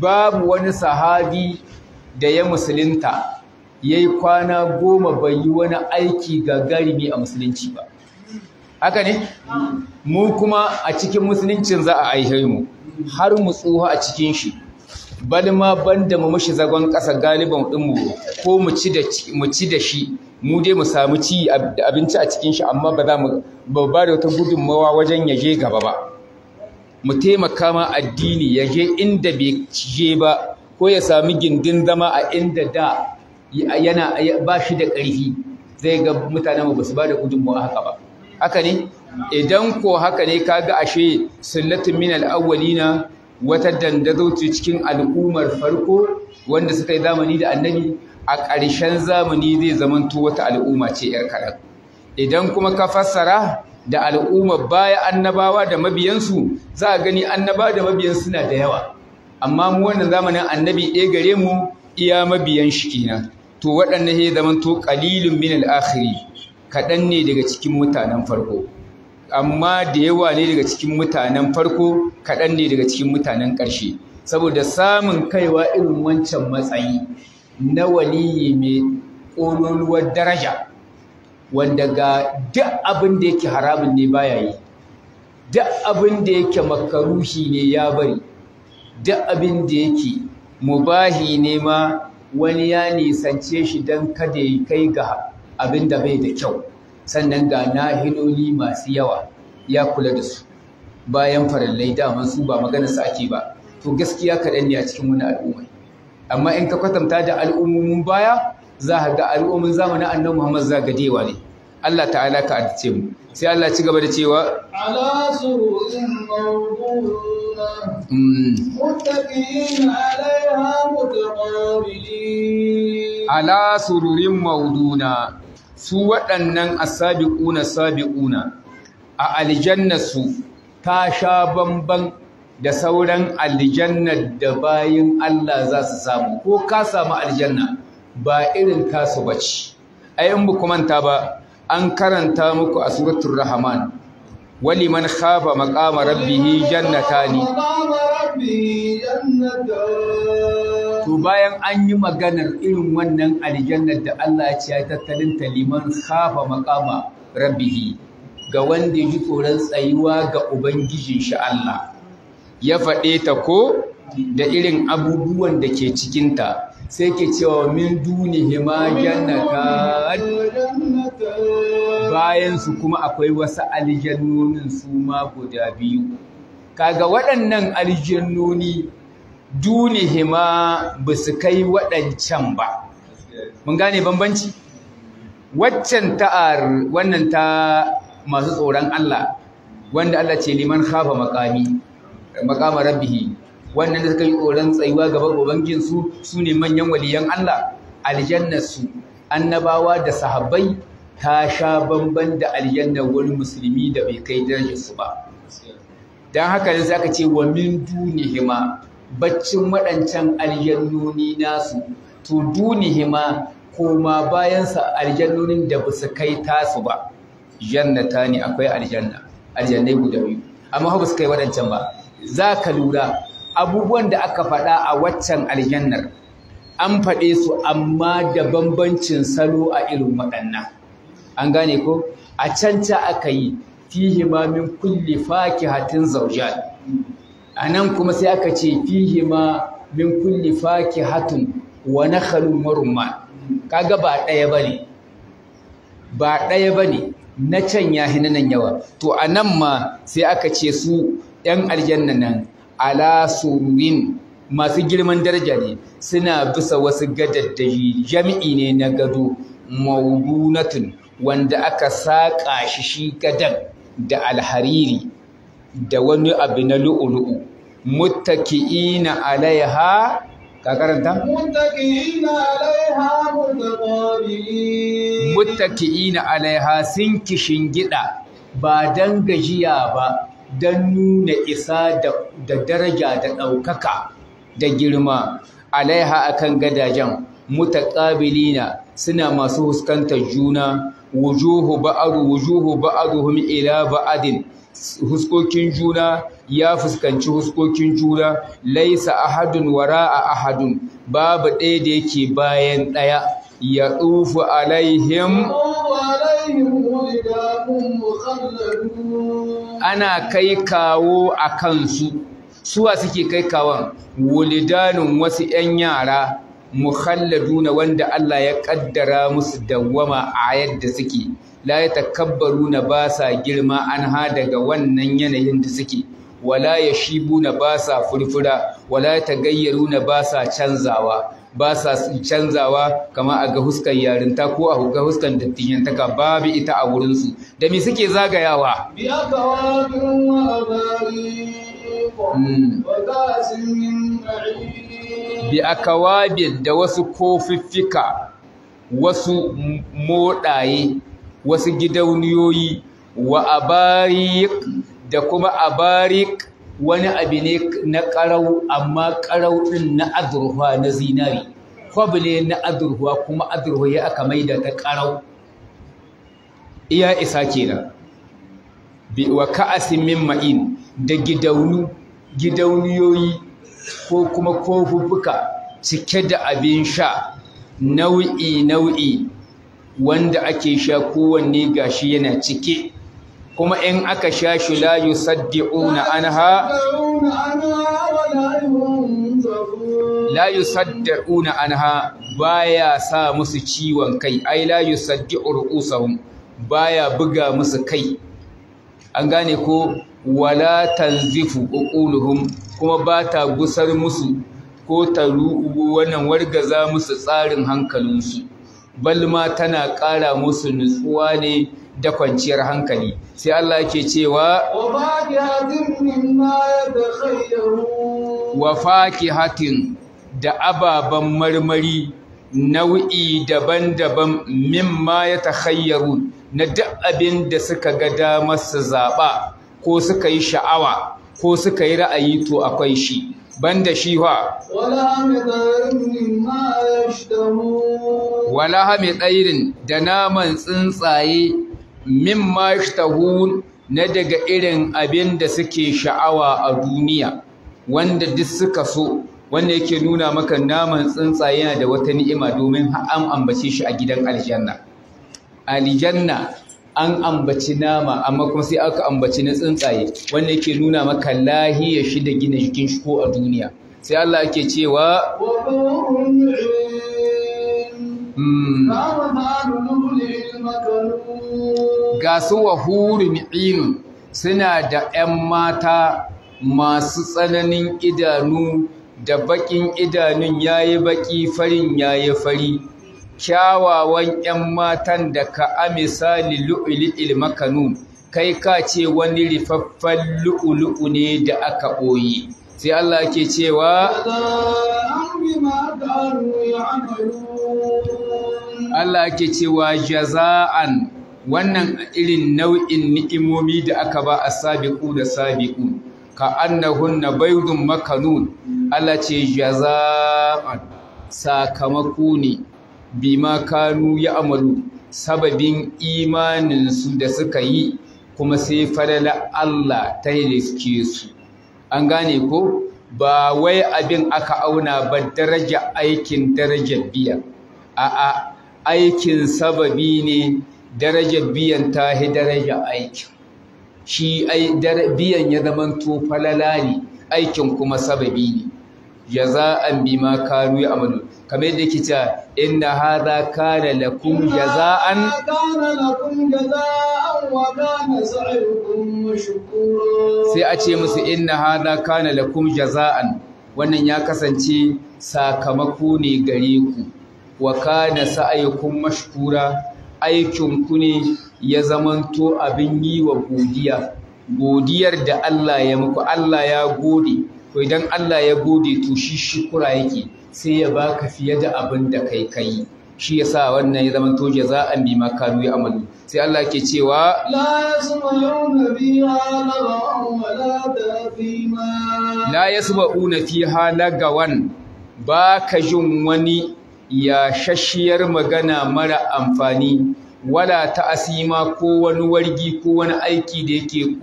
babu wani sahabi da ya musulunta ya yi kwana goma bai yi wani aiki ga garimi a musulunci ba haka ne mu kuma a cikin musuluncin za a aihe mu har mu tsoho a cikin shi balma banda mu mushi zagon ƙasa galibin ɗinmu ko mu ci da shi mu dai mu samu ci abinci a cikin shi amma ba za mu ba da wata gudunmawa wajen ya je gaba ba mu taimaka ma addini ya je inda bai je ba ko ya sami gindin zama a inda da yana ba shi da ƙarfi zai ga mutane ba su ba da gudunmawa haka ba haka ne idan ko haka ne ka ga ashe sunnatun min al-awwalina wata dandazo cikin al'ummar farko wanda suka yi zamani da annabi a ƙarshen zamani zai zamanto wata al'umma ce ‘yar kaɗan idan kuma ka fassara da al'umma baya annabawa da mabiyansu za a gani annabawa da mabiyansu suna da yawa amma mu wannan zamanin annabi ɗaya gare mu iya mabiyan shi kenan to waɗannan ya zamanto ƙalilun min al'akhiri kaɗan ne daga cikin mutanen farko amma da yawa ne daga cikin mutanen farko kaɗan ne daga cikin mutanen ƙarshe saboda samun kaiwa irin wancan matsayi na waliyi mai ƙololuwar daraja wanda ga duk abin da yake haramun ne baya yi duk abin da yake makaruhi ne ya bari duk abin da yake mubahi ne ma wani ya nisance shi don kada ya kai ga abin da bai da kyau sannan ga nahiloli masu yawa ya kula da su bayan farallai daman su ba maganarsa ake ba to gaskiya kaɗan ne a cikin wani al'umma amma in ka kwatanta da al'ummomin baya za ka ga al'ummin zamanin annabi Muhammad dewa ne Allah ta'ala ka addace mu sai Allah ci gaba da cewa ala sururin mawduna hmm. alaiha mutaqabilin ala sururin mawduna su waɗannan asabiquna sabiquna a aljanna su ta sha bamban da sauran aljannar da bayin Allah za su samu ko ka samu aljanna ba irin tasu bace ai in buku manta ba an karanta muku a suratul rahman wali man khaba maqama rabbih jannatani to bayan an yi maganar irin wannan aljannar da Allah ya ce ya tattalin taliman khafa maqama rabbihi ga wanda ya ji tsoron tsayuwa ga ubangijin shi Allah ya faɗe ta ko da irin abubuwan da ke cikinta sai ke cewa min dunihi ma bayan su kuma akwai wasu aljannonin su ma guda biyu kaga waɗannan aljannoni duni hima ba su kai waɗancan ba mun gane bambanci waccan ta'ar wannan ta masu tsoron Allah wanda Allah ce liman khafa maqami maqama rabbihi wannan da suka yi tsoron tsayuwa gaban ubangin su sune manyan waliyan Allah aljannar su annabawa da sahabbai ta sha bamban da aljannar wani musulmi da bai kai darajar su ba dan haka ne zaka ce wa min dunihima baccin waɗancan aljannoni nasu to dunihima koma sa aljannonin da ba su kai tasu ba jannata ne akwai aljanna aljannai guda biyu amma ba su kai waɗancan ba za ka lura abubuwan da aka faɗa a waccan aljannar an faɗe su amma da bambancin salo a irin waɗannan an gane ko a can aka yi fihi ma min kulli fakihatin zaujal, a nan kuma sai aka ce fihi ma min kulli fakihatin wa nakhlun wa kaga ba ɗaya bane ba ɗaya bane na can ya hinanan yawa to a nan ma sai aka ce su yan aljanna nan ala sururin masu girman daraja ne suna bisa wasu gadaddari jami'i ne na gado maudunatun wanda aka saƙa shi shi gadan da alhariri da wani abu na lu'ulu'u muttaki'ina alaiha ka karanta muttaki'ina alaiha muttaki'ina alaiha sun kishin gida ba dan gajiya ba don nuna isa da daraja da ɗaukaka da girma alaiha akan gadajen mutaƙabilina suna masu huskantar juna wujuhu ba'adu wujuhu ba'adu ba'aduhum ila ba'adin huskokin juna ya fuskanci huskokin juna laisa ahadun wara a ahadun babu ɗaya da yake bayan ɗaya ya tsufu alaihim ana kai kawo a kansu suwa suke kai kawon Wulidanin wasu 'yan yara na wanda Allah ya kaddara musu dawwama a yadda suke la ya na ba sa girma an ha daga wannan yanayin da suke wala ya na ba sa furfura wala ya na ba sa canzawa ba sa canzawa kama a ga huskan yarinta ko a ga huskan ba babu ita a wurinsu da me suke zagayawa bi akawabin hmm. da wasu kofiffika wasu moɗaye wasu gidauniyoyi wa abarik da kuma abarik wani abu ne na ƙarau amma ƙarau ɗin na azurfa na zinari kwabule ne na azurfa kuma azurfa ya aka mai da ta ƙarau iya isa kenan wa ka'asin min ma'in da gidaunu gidauniyoyi ko kuma kofuffuka cike da abin sha nau'i nau'i wanda ake sha kowanne gashi yana cike kuma in aka sha shi la yusaddi'una anha la yusaddi'una anha baya sa musu ciwon kai ai la yusaddi'u ru'usahum baya buga musu kai an gane ko wala tanzifu uquluhum kuma ba ta gusar musu ko ta wannan wargaza musu tsarin hankalinsu balma tana ƙara musu nutsuwa ne da kwanciyar hankali sai Allah ke cewa wa hatin da ababen marmari nau'i daban-daban mimma ya takhayyaru na duk abin da suka ga damar su zaɓa ko suka yi sha'awa ko suka yi ra'ayi to akwai shi ban da shi wa wala hami tsairin da naman tsuntsaye mimma yashtahun na daga irin abin da suke sha'awa a duniya wanda duk suka so wanda yake nuna maka naman tsuntsaye yana da wata ni'ima domin an ambace shi a gidan aljanna aljanna an ambaci nama amma kuma sai aka ambaci na tsuntsaye wanda yake nuna maka lahiya shi da gina jikin shi ko a duniya sai Allah yake cewa ga su wa inun suna da 'yan mata masu tsananin idanu da baƙin idanun ya yi baƙi farin ya yi fari kyawawan 'yan matan da ka a misali makanun kai ka ce wani rifaffen lu'ulu'u ne da aka ɓoye sai Allah ke cewa Allah ke cewa jaza'an wannan irin nau'in ni'imomi da aka ba a sabiƙu da sabiqu ka annahunna baydun makanun Allah ce jaza'an sakamako ne bima kanu ya amalu sababin imaninsu da suka yi kuma sai falala Allah ta riske su an gane ko ba wai abin aka auna ba daraja aikin darajar biya a'a aikin sababi ne darajar biyan ta hi daraja aikin shi biyan ya zamanto falala ne aikin kuma sababi ne jaza'an ma kanu ya amalu kamar yadda yake cewa inna hadha kana lakum jazaan sai a ce musu inna hadha kana lakum jazaan wannan ya kasance sakamako ne gare ku wa kana sa'yukum mashkura aikin ku ne ya zamanto abin yi wa godiya godiyar da Allah ya muku Allah ya gode to idan Allah ya gode to shi shukura yake sai ya baka fiye da abin da kai kai shi yasa wannan ya zama toje za a bi kanu ya amalu sai Allah ke cewa la yasma'una fiha lagawan wala ta'thima la fiha ba ka jin wani yashashiyar magana mara amfani wala ta asima ko wani wargi ko wani aiki da yake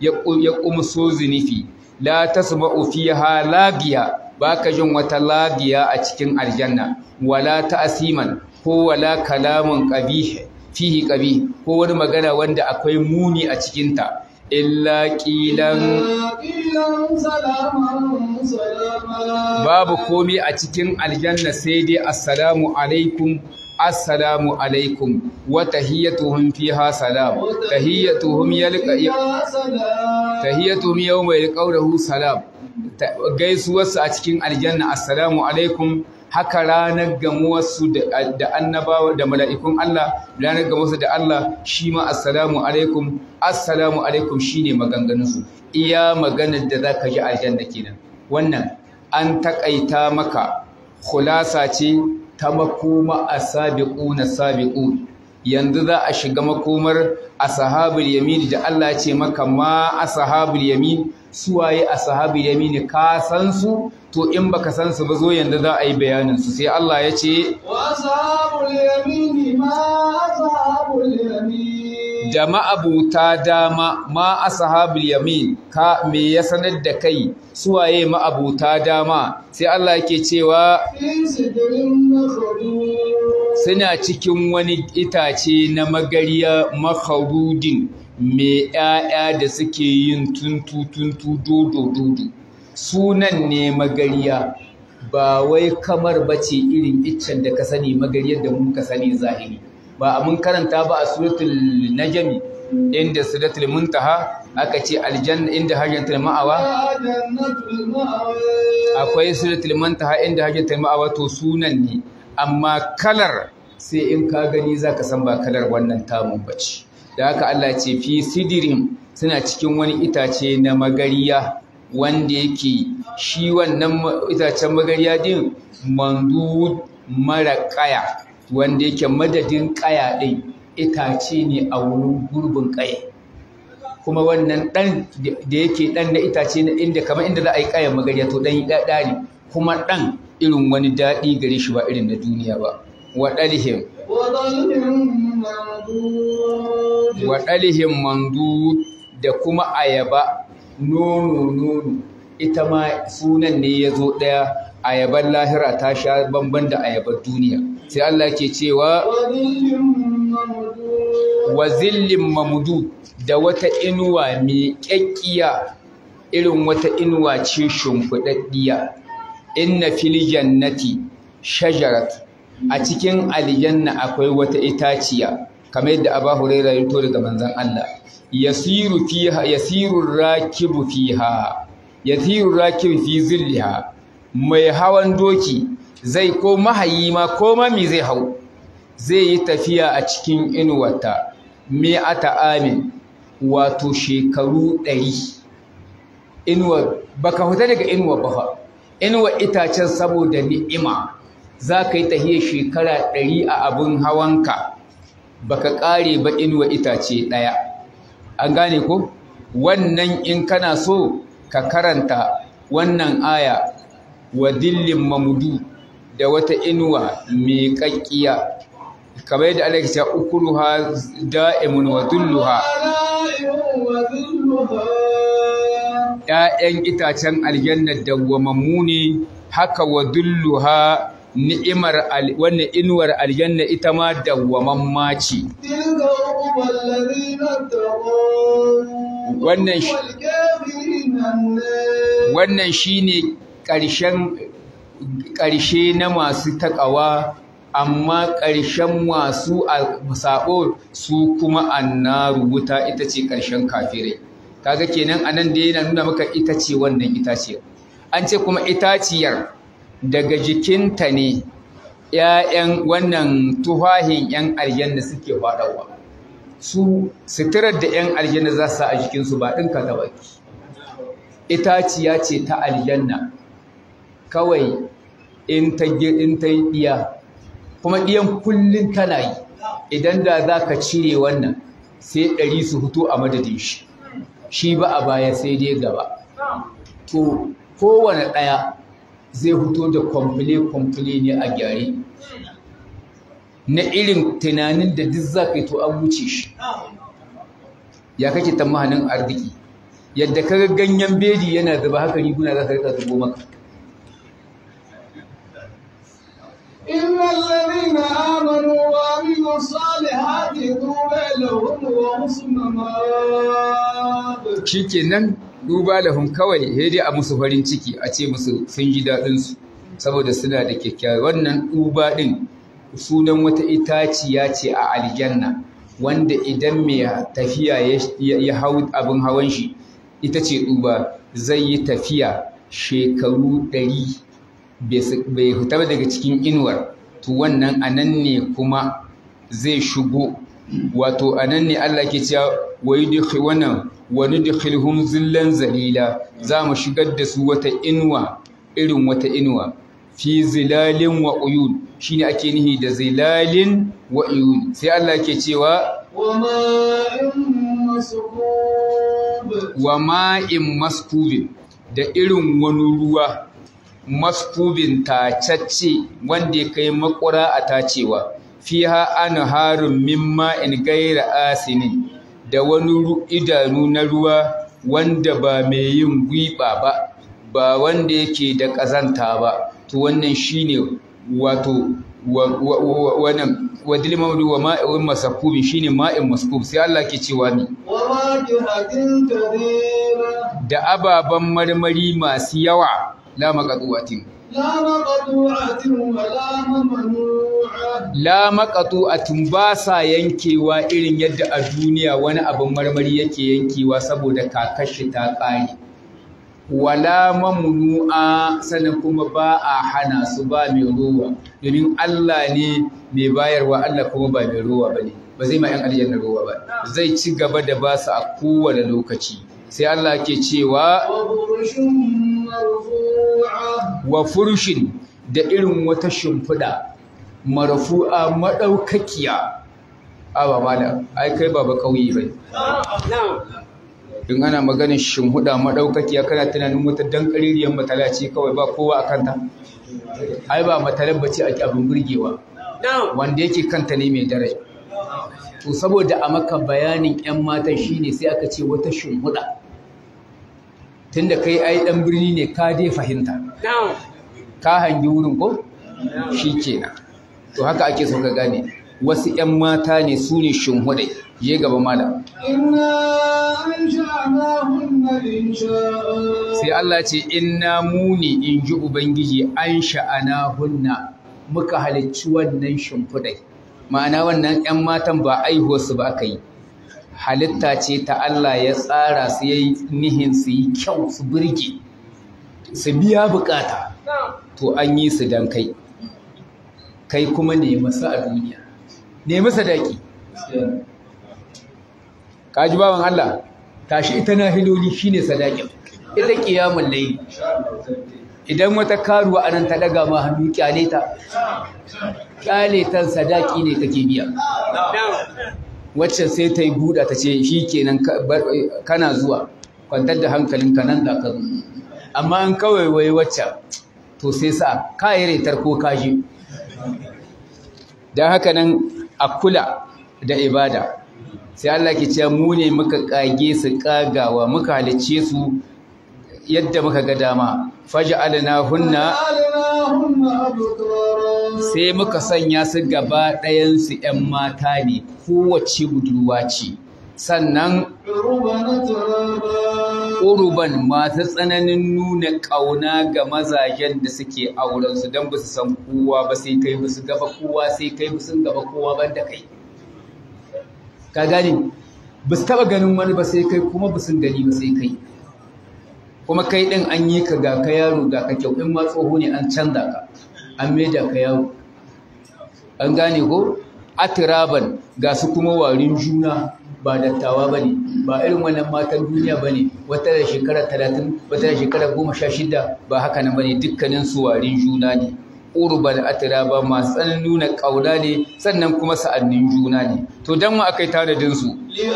ya kumso zinifi. la tasma'u fiha lagiya baka jin wata lagiya a cikin aljanna wala ta'siman ko wala kalamun qabih fihi qabih ko wani magana wanda akwai muni a cikin ta illa qilan babu komai a cikin aljanna sai dai assalamu alaikum assalamu alaikum wa tahiyyatuhum fiha salam tahiyyatuhum yalqa tahiyyatuhum yawma yalqawlahu salam gaisuwarsu a cikin aljanna assalamu alaikum haka ranar gamuwar su da annabawa da mala'ikun Allah ranar gamuwar su da Allah shi ma assalamu alaikum assalamu alaikum shine su. iya maganar da zaka ji aljanna kenan wannan an takaita maka khulasa ce ta makoma a na sabiƙun yanzu za a shiga makomar a sahabul yamini da Allah ce maka ma a sahabul yamin suwaye a sahabul yamini ka san su to in baka san su ba zo yanzu za a yi bayanin su sai Allah ya ce wa sahabul yamin ma sahabul yamin da ma'abuta dama ma ashabul yamin ka me ya sanar da kai suwaye ma'abuta dama sai Allah yake cewa suna cikin wani itace na magariya makarudin me ƴaƴa da suke yin tuntu tuntu dodo dodo sunan ne magariya ba wai kamar bace irin iccen da ka sani magariyar da mun ka sani zahiri ba a mun karanta ba a suratul najmi inda suratul muntaha aka ce aljanna inda hajjatul ma'awa akwai suratul muntaha inda hajjatul ma'awa to sunan ne amma kalar sai in ka gani zaka san ba kalar wannan tamun bace da haka Allah ce fi sidirin suna cikin wani itace na magariya wanda yake shi wannan itacen magariya din mandud mara kaya wanda yake madadin ƙaya ɗin itace ne a wurin gurbin ƙaya kuma wannan ɗan da yake ɗan na itace na inda kamar inda za a yi ƙayan magariya to ɗan ɗaɗa ne kuma ɗan irin wani daɗi gare shi ba irin na duniya ba waɗalihim waɗalihim mandu da kuma ayaba nono nono ita ma sunan ne ya zo ɗaya ayabar lahira ta sha bamban da ayabar duniya sai Allah ke cewa wa zillin mamudu da wata inuwa mai kyakkiya irin wata inuwa ce shimfiɗaɗɗiya inna fil jannati shajarat a cikin aljanna akwai wata itaciya kamar yadda Aba Hurairah ya daga manzon Allah yasiru fiha yasiru rakibu fiha yasiru rakibu fi zilliha mai hawan doki zai ko mahayi ma ko mami zai hau zai yi tafiya a cikin inuwata me a ta'amin? wato shekaru ɗari inuwa baka huta daga inuwa ba fa inuwa itacen saboda ni'ima za ka yi tahiyar shekara ɗari a abin hawanka baka ƙare ba inuwa itace ɗaya an gane ko wannan in kana so ka karanta wannan aya wa dillin mamudu da wata inuwa mai kakkiya kamar yadda Allah ya ce ukuluha da'imun wa dhulluha ‘ya'yan itacen aljannar dawwamammu ne, haka wa dulluha ni'imar wannan inuwar aljanna ita ma dawwamamma ce. Wannan shi ne ƙarshe na masu taƙawa amma ƙarshen masu saɓo su kuma annaru wuta ita ce ƙarshen kafirai kaga kenan a nan da yana nuna maka ita ce wannan itaciyar an ce kuma itaciyar daga jikinta ne ‘ya'yan wannan tuhahin ‘yan aljanna suke faɗawa su suturar da ‘yan aljanna za su a jikinsu ba ka ta baki itaciya ce ta aljanna kawai in ta yi iya, kuma ɗiyan kullum tana yi idan da za ka cire wannan sai ɗari su fito a madadin shi shi ba a baya sai dai gaba to kowane ɗaya zai fito da kwamfule-kwamfule ne a gyare na irin tunanin da duk za yi to an wuce shi ya kake ta mahanin arziki yadda ka ganyen bedi yana zuba haka riguna za ka rika zubo maka إن الذين آمنوا وعملوا الصالحات duba lahum kawai ya dai a musu farin ciki a ce musu sun ji daɗinsu, saboda suna da kyakkyawa wannan duba din sunan wata itaciya ce a aljanna wanda idan mai tafiya ya hau abin hawan shi ita ce duba zai yi tafiya shekaru ɗari bai fita ba daga cikin inuwar to wannan anan ne kuma zai shigo wato anan ne Allah ke cewa wai yudkhi wannan da nudkhilhum zillan zalila za mu shigar da su wata inuwa irin wata inuwa fi zilalin wa uyun shine ake nihi da zilalin wa uyun sai Allah ke cewa wa ma'in maskubin da irin wani ruwa mastubin tacacce wanda ya kai makura a tacewa fiha harin mimma in gaira Asini" da wani idanu na ruwa wanda ba mai yin gwiba ba ba wanda yake da ƙazanta ba to wannan shine wato wannan wadil mawdu wa ma'in masakub shine ma'in masakubi sai Allah ke cewa ni da ababan marmari masu yawa la maqdu'atin la ba sa yankewa irin yadda a duniya wani abin marmari yake yankewa saboda kakashi ta ƙare wala mamnu'a sannan kuma ba a hana su ba mai ruwa domin Allah ne mai bayarwa Allah kuma ba mai ruwa ba ba zai ma yan aljanna ruwa ba zai ci gaba da ba su a kowane lokaci sai Allah ke cewa wa furushin da irin wata shimfiɗa marafu'a madaukakiya. a mala ai kai baba kauyi bai in ana maganin shimfiɗa madaukakiya kana tunanin wata dan ƙaririyar matala ce kawai ba kowa a ta ai ba matalar ba ce ake abin burgewa wanda yake kanta ne mai daraja to saboda a maka bayanin 'yan matan shine sai aka ce wata shimfiɗa Tun da kai ai dan birni ne ka dai fahimta ka hangi wurin ko shi kenan to haka ake so ka gane wasu 'yan mata ne su ne shunhuɗe je gaba mala sai Allah ce inna muni in ji ubangiji an sha'ana hunna muka halicci wannan shimfiɗai ma'ana wannan 'yan matan ba aihuwarsu ba aka yi halitta ce ta Allah ya tsara su yi nihin su yi kyau su birge su biya bukata to an yi su don kai kai kuma nemi su a duniya nemi sadaki ka ji Allah tashi ita na hiloli shine sadakin ita kiyamun layi idan wata karuwa nan ta daga ma hannu kyale ta kyale ta sadaki ne take biya wacce sai ta yi buɗa ta ce shi kenan kana zuwa kwantar da hankalinka nan za ka zo amma an kawai wai wacce to sai sa ka yi retar ko kaji don haka nan a kula da ibada sai Allah ke cewa mu ne muka kage su kagawa muka halicce su yadda muka ga dama faj'alnahunna sai muka sanya su gaba ɗayansu 'yan mata ne kowace budurwa ce sannan uruban masu tsananin nuna ƙauna ga mazajen da suke aurensu don ba su san kowa ba sai kai musu gaba kowa sai kai musu gaba kowa ban da kai ka gani ba su taɓa ganin wani ba sai kai kuma ba sun gani ba sai kai kuma kai ɗin an yi ka ga ka yaro ga ka kyau in ma tsoho ne an canza ka an maida ka yaro an gane ko atiraban ga su kuma warin juna ba dattawa ba ne ba irin wannan matan duniya ba ne wata da shekara talatin wata da shekara goma sha shida ba haka nan ba ne dukkanin su warin juna ne ba da atiraba masu tsananin nuna ƙauna ne sannan kuma sa'annin juna ne to don ma aka yi tanadinsu To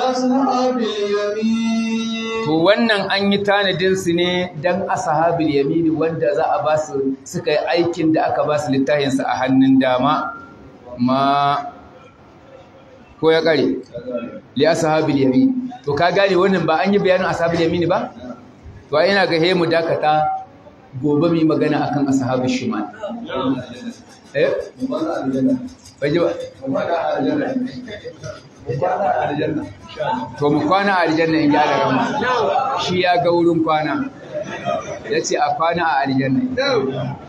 wannan an yi tanadin su ne don sahabin yamini wanda za a ba su suka yi aikin da aka ba su littafinsu a hannun dama ma ko ya kare li sahabin Yamini? to ka gane wannan ba an yi bayanin sahabin Yamini ba to ai ina ga mu dakata gobe mu magana akan ashabul shimal eh ba ba to mu kwana a aljanna in da alaran shi ya ga wurin kwana ya ce a kwana a aljanna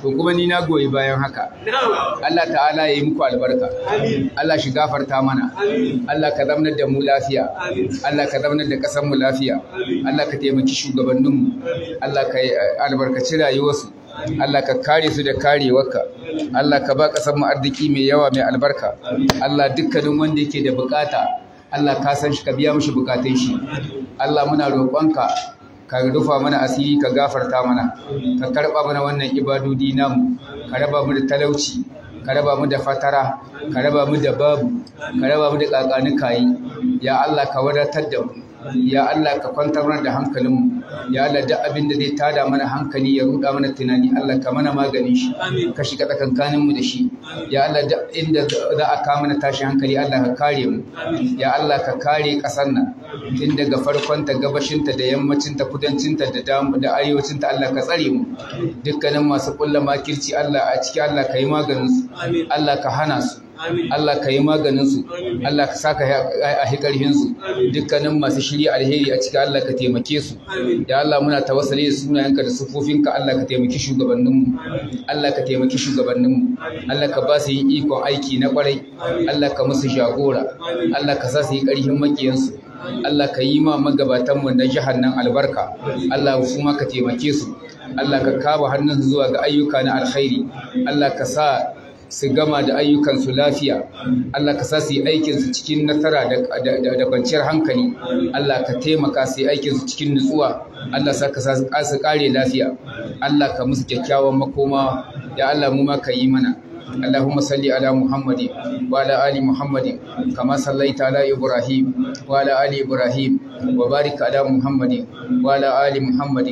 to kuma ni na goyi bayan haka Allah ta'ala ya yi muku albarka Allah shi gafarta mana Allah ka zamanar da mu lafiya Allah ka zamanar da ƙasar mu lafiya Allah ka taimaki shugabanninmu Allah ka eh, albarkaci rayuwarsu Allah ka kare su da karewarka Allah ka ba ƙasar mu arziki mai yawa mai albarka Allah dukkanin wanda yake da bukata Allah ka san shi ka biya mishi bukatun shi Allah muna roƙonka ka rufa mana asiri ka gafarta mana ka karba mana wannan ibadodi namu ka raba mu da talauci ka raba mu da fatara ka raba mu da babu ka raba mu da kakanin kayi ya Allah ka wadatar da mu ya Allah ka kwantar mana da hankalinmu ya Allah duk abin da zai tada mana hankali ya ruda mana tunani Allah ka mana maganin shi ka shiga tsakankanin mu da shi ya Allah duk inda za a ka mana tashi hankali Allah ka kare mu ya Allah ka kare kasar nan tun daga farkon ta gabashin ta da yammacin ta kudancin ta da da arewacin ta Allah ka tsare mu dukkanin masu kullama makirci Allah a ciki Allah ka yi maganin su Allah ka hana su Allah ka yi maganinsu Allah ka saka a hikarhinsu dukkanin masu shiri alheri a cikin Allah ka taimake su Da Allah muna tawassale da sunayenka da sufofinka Allah ka taimaki shugabanninmu Allah ka taimaki shugabanninmu Allah ka ba su yin ikon aiki na kwarai Allah ka musu jagora Allah ka sa su yi ƙarfin makiyansu Allah ka yi ma magabatanmu na jihar nan albarka Allah su ma ka taimake su Allah ka kaba hannun zuwa ga ayyuka na alkhairi Allah ka sa su gama da ayyukansu lafiya Allah ka sa su yi aikinsu cikin nasara da kwanciyar hankali Allah ka taimaka su yi aikinsu cikin nutsuwa Allah sa ka sa su kare lafiya Allah ka musu kyakkyawan makoma da Allah mu ma ka yi mana اللهم صل على محمد وعلى آل محمد كما صليت على إبراهيم وعلى آل إبراهيم وبارك على محمد وعلى آل محمد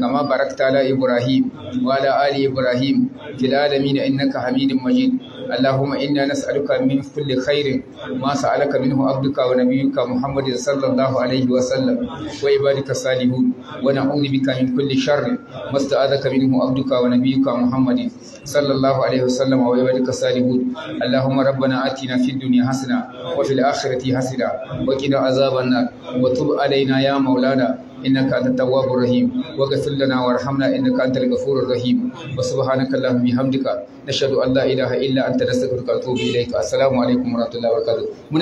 كما باركت على إبراهيم وعلى آل إبراهيم في العالمين إنك حميد مجيد اللهم إنا نسألك من كل خير ما سألك منه عبدك ونبيك محمد صلى الله عليه وسلم وعبادك الصالحون ونعوذ بك من كل شر ما استعاذك منه عبدك ونبيك محمد صلى الله عليه وسلم وعبادك الصالحون اللهم ربنا آتنا في الدنيا حسنة وفي الآخرة حسنة وقنا عذاب النار وتب علينا يا مولانا إنك أنت التواب الرحيم واغفر لنا وارحمنا إنك أنت الغفور الرحيم وسبحانك اللهم بحمدك نشهد أن لا إله إلا أنت نستغفرك ونتوب إليك السلام عليكم ورحمة الله وبركاته